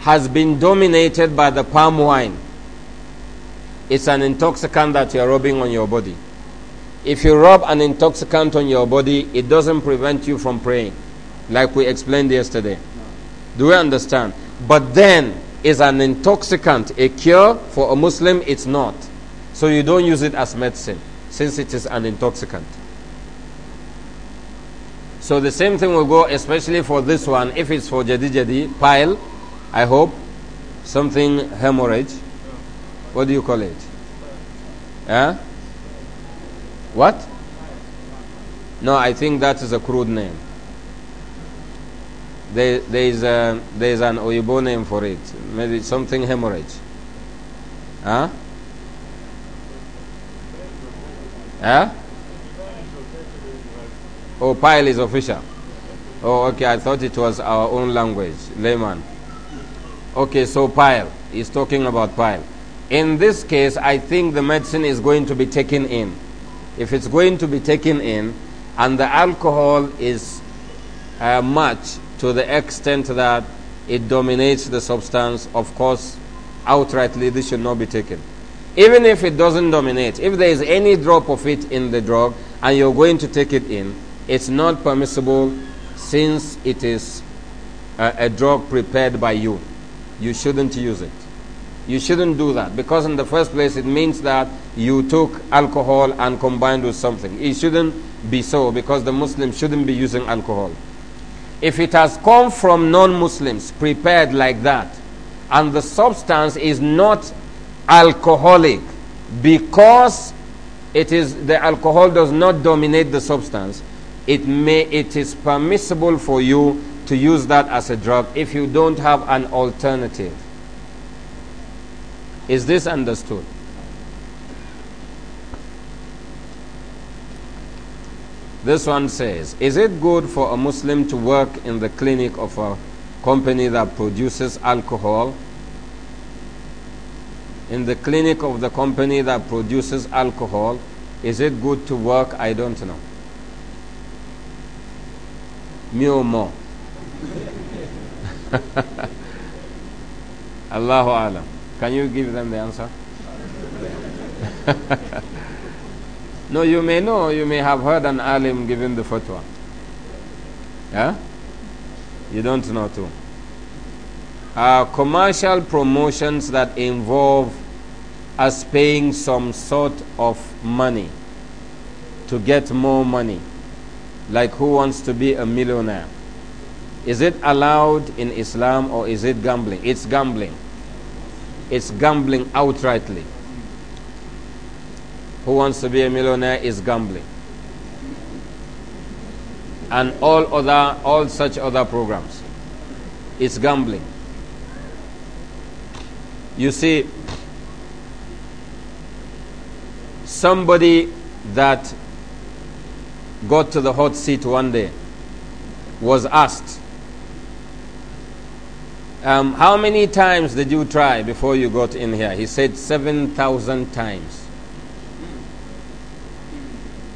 has been dominated by the palm wine, it's an intoxicant that you're rubbing on your body. If you rub an intoxicant on your body, it doesn't prevent you from praying, like we explained yesterday. Do we understand? But then, is an intoxicant a cure for a Muslim? It's not. So you don't use it as medicine, since it is an intoxicant. So the same thing will go, especially for this one, if it's for jadi jadi, pile, I hope, something hemorrhage what do you call it? Huh? What? No, I think that is a crude name. There, there, is, a, there is an Oyibo name for it. Maybe something hemorrhage. Huh? Huh? Oh, pile is official. Oh, okay. I thought it was our own language, layman. Okay, so pile. He's talking about pile. In this case, I think the medicine is going to be taken in. If it's going to be taken in, and the alcohol is uh, much to the extent that it dominates the substance, of course, outrightly this should not be taken. Even if it doesn't dominate, if there is any drop of it in the drug and you're going to take it in, it's not permissible since it is a, uh, a drug prepared by you. You shouldn't use it. You shouldn't do that because, in the first place, it means that you took alcohol and combined with something. It shouldn't be so because the Muslim shouldn't be using alcohol. If it has come from non Muslims prepared like that, and the substance is not alcoholic because it is the alcohol does not dominate the substance it may it is permissible for you to use that as a drug if you don't have an alternative is this understood? This one says, Is it good for a Muslim to work in the clinic of a company that produces alcohol? In the clinic of the company that produces alcohol, is it good to work? I don't know. Mio mo. [laughs] Allahu Alam. Can you give them the answer? [laughs] no, you may know, you may have heard an alim giving the fatwa. Yeah? You don't know too. Uh, commercial promotions that involve us paying some sort of money to get more money, like who wants to be a millionaire? Is it allowed in Islam or is it gambling? It's gambling is gambling outrightly. Who wants to be a millionaire is gambling. And all other all such other programs. It's gambling. You see, somebody that got to the hot seat one day was asked um, how many times did you try before you got in here? He said 7,000 times.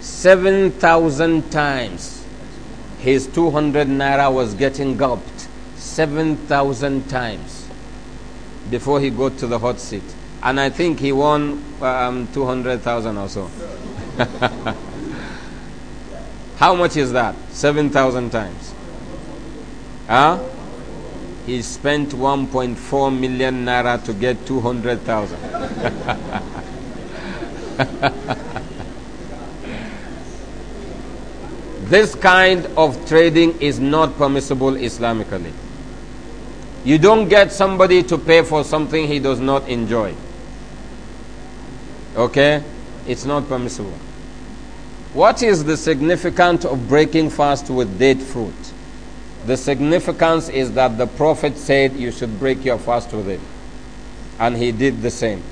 7,000 times. His 200 naira was getting gulped 7,000 times before he got to the hot seat. And I think he won um, 200,000 or so. [laughs] How much is that? 7,000 times. Huh? he spent 1.4 million naira to get 200,000. [laughs] this kind of trading is not permissible Islamically. You don't get somebody to pay for something he does not enjoy. Okay? It's not permissible. What is the significance of breaking fast with date fruit? The significance is that the Prophet said you should break your fast with it. And he did the same.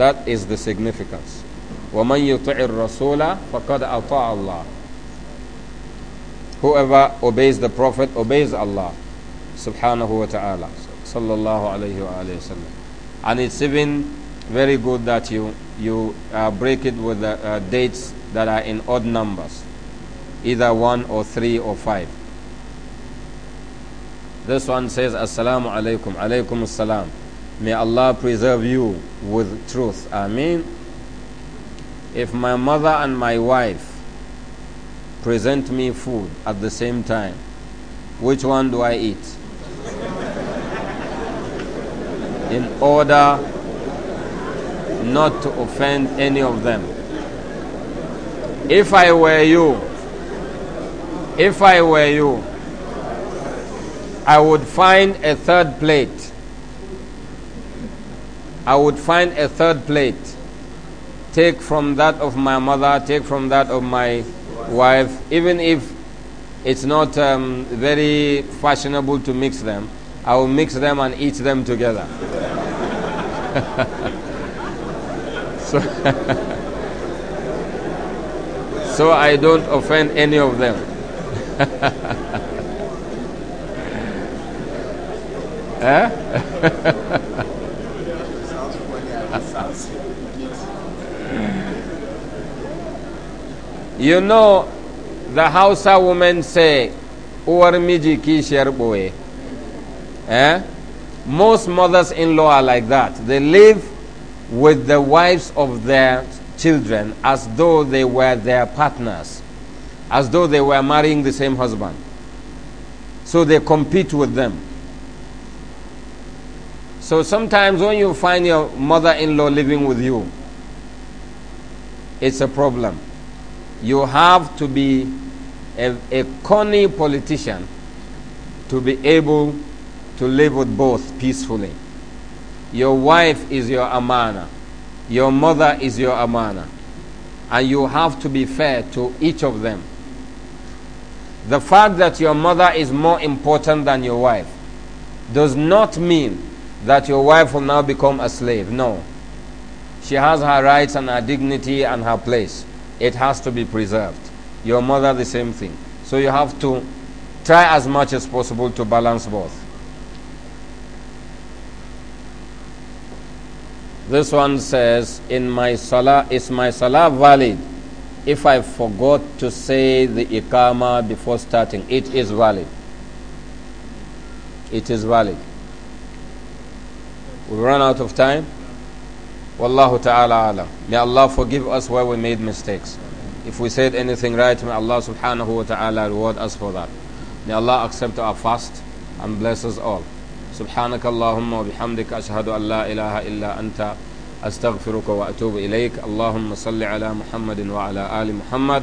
That is the significance. وَمَنْ يُطِعِ الرَّسُولَ فَقَدْ أَطَاعَ اللَّهِ Whoever obeys the Prophet obeys Allah subhanahu wa ta'ala sallallahu alayhi wa sallam. And it's even very good that you, you uh, break it with the uh, dates that are in odd numbers, either one or three or five. This one says, Assalamu alaikum, alaikum assalam. May Allah preserve you with truth. Ameen. If my mother and my wife present me food at the same time, which one do I eat? In order not to offend any of them. If I were you, if I were you, I would find a third plate. I would find a third plate. Take from that of my mother, take from that of my wife, even if it's not um, very fashionable to mix them. I will mix them and eat them together. [laughs] so, [laughs] so I don't offend any of them. [laughs] you know, the Hausa women say, Uwar miji kishiyar boye. Eh? Most mothers-in-law are like that. They live with the wives of their children as though they were their partners, as though they were marrying the same husband. So they compete with them. So sometimes when you find your mother in law living with you, it's a problem. You have to be a, a corny politician to be able to live with both peacefully. Your wife is your amana, your mother is your amana, and you have to be fair to each of them. The fact that your mother is more important than your wife does not mean that your wife will now become a slave. No. She has her rights and her dignity and her place. It has to be preserved. Your mother, the same thing. So you have to try as much as possible to balance both. This one says, In my salah, is my salah valid? If I forgot to say the ikama before starting, it is valid. It is valid we run out of time. Wallahu ta'ala ala. May Allah forgive us where we made mistakes. If we said anything right, may Allah subhanahu wa ta'ala reward us for that. May Allah accept our fast and bless us all. سبحانك اللهم وبحمدك أشهد أن لا إله إلا أنت أستغفرك وأتوب إليك اللهم صل على محمد وعلى آل محمد